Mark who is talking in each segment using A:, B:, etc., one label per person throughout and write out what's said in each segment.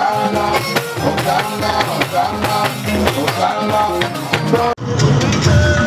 A: Hosanna, Hosanna, Hosanna, Hosanna.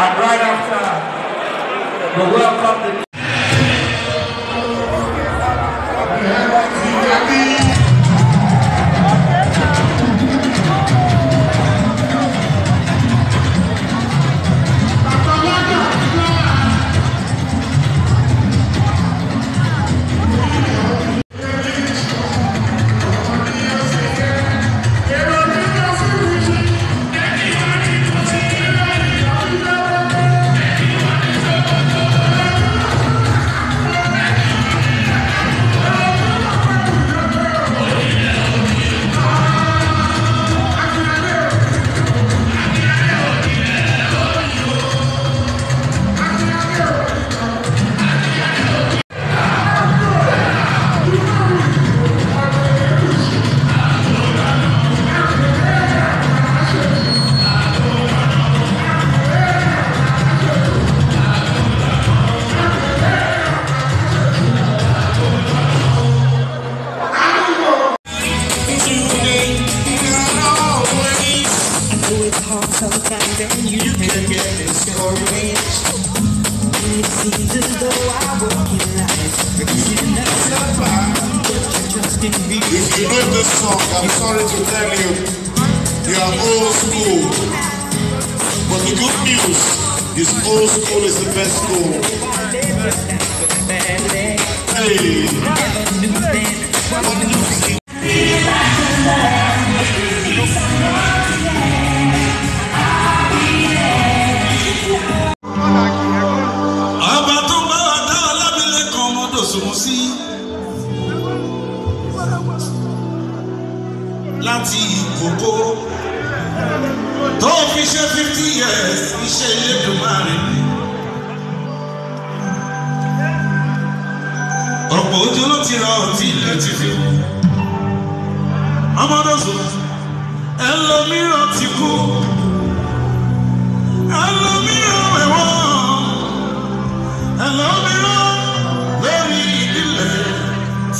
A: And right after, we welcome the If you know this song, I'm sorry to tell you You are old school But the good news is old school is the best school Hey What news òṣùwọ̀n sí láti ìkókó tó fi ṣe fifty years iṣẹ́ Elédùmarè ni. ọ̀pọ̀ ojú ló ti ra ọtí ilẹ̀ ti fi ọmọdé sùn ẹlòmíràn ti kú.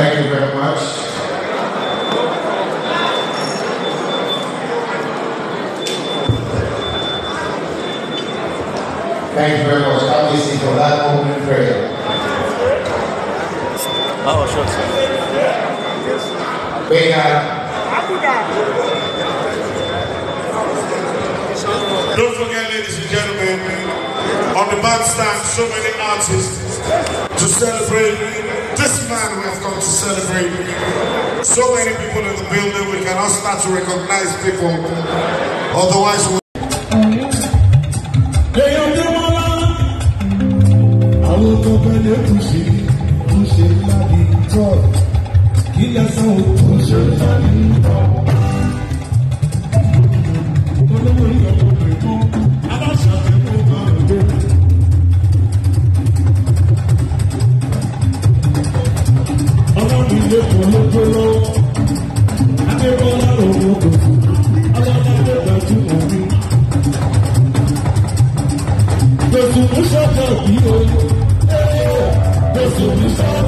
A: Thank you very much. Thank you very much, obviously, for that opening prayer. Oh, sure, sir. Big Don't forget, ladies and gentlemen, on the bandstand, so many artists to celebrate this man we have come to celebrate. So many people in the building, we cannot start to recognize people. Otherwise, we Hey, Jésù mú sọ́kàn bí o. Jésù mú sọ́kàn.